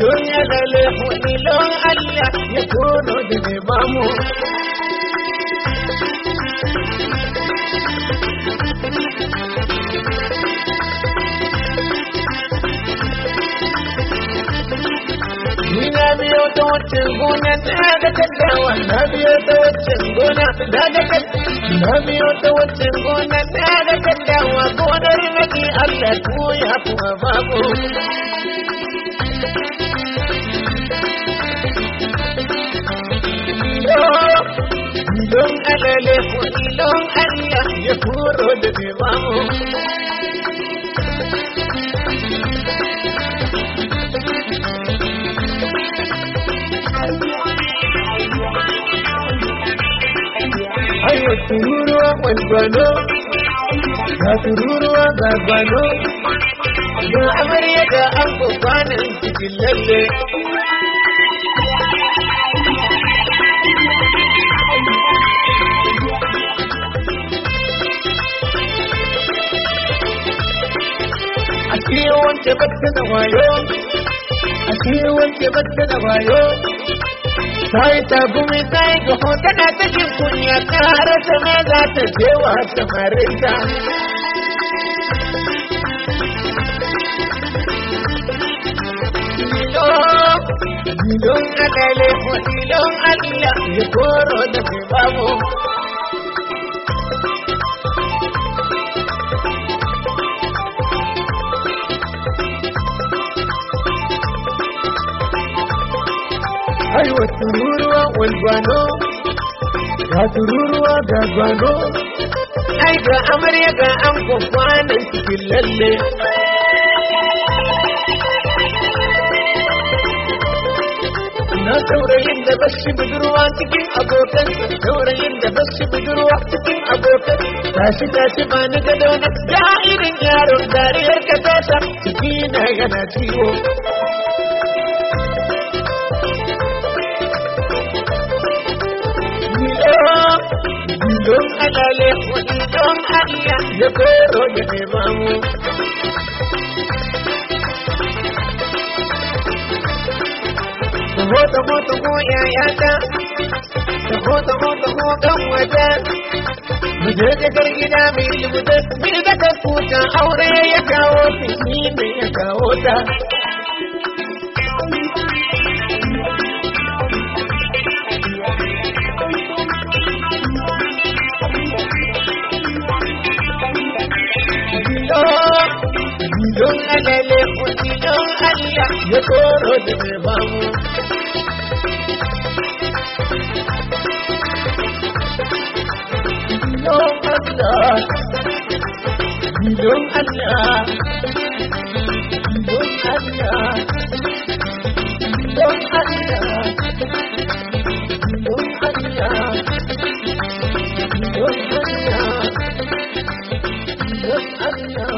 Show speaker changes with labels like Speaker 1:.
Speaker 1: دنيا غلف ولو ألا يكون جنبامو na biyo ta waccan gona na ga kaddawa na biyo ta waccan gona na ga na biyo ta waccan gona na ga kaddawa gonar nake Allah ko ya kuma bako Kullum alale kullum ariya ya koro da limamu. Ayo tururuwa gwalgwalo, ga tururuwa gwalgwalo, ga amarya da an kwanan cikin lalle. ashe wance batta da wayo ashe wanke batta da wayo sai ta gumi sai ga hotuna ta jin kunya kara ta ma za ta je wa samarinta Ilon alale, ilon Allah, ya koro da babu. aiwa tururuwa walbano ga tururuwa ga gwano ai ga amarya ga an cikin lalle na saurayin da bashi budurwa cikin abokan saurayin da bashi budurwa cikin abokan tashi tashi ba ni gado na ya irin yaron dariyar ka tota ciki na yana ciwo don alale wani don ariya ya koro ya nema mu Taho taho taho yayata, taho taho taho ɗan wata, mu je jakar gida mai lubutar, mai zaka kuta aure ya kawo ta, ni mai ya kawo ta. don alele kuɗi don Allah ya koro bamu. Don Allah, don Allah, don Allah, don Allah, don Allah,